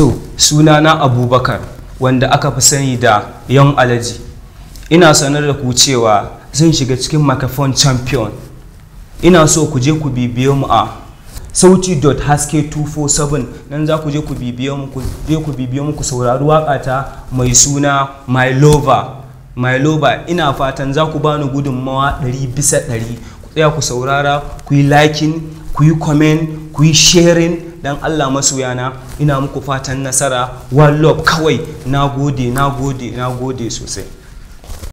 so sunana abubakar wanda aka fi sani da yan alaji ina sanar da ku cewa zan shiga cikin microphone champion ina so ku je ku bibiyo mu a sauti.haske247 nan za ku je ku bibiyo mu ku je ku bibiyo mu ku saurari waƙata mai suna my lover my lover ina fatan za ku bani gudunmawa 100 bisa 100 ku tsaya ku saurara ku yi liking ku yi comment ku yi sharing dan Allah masoyana ina muku fatan nasara one kawai na gode na gode na gode sosai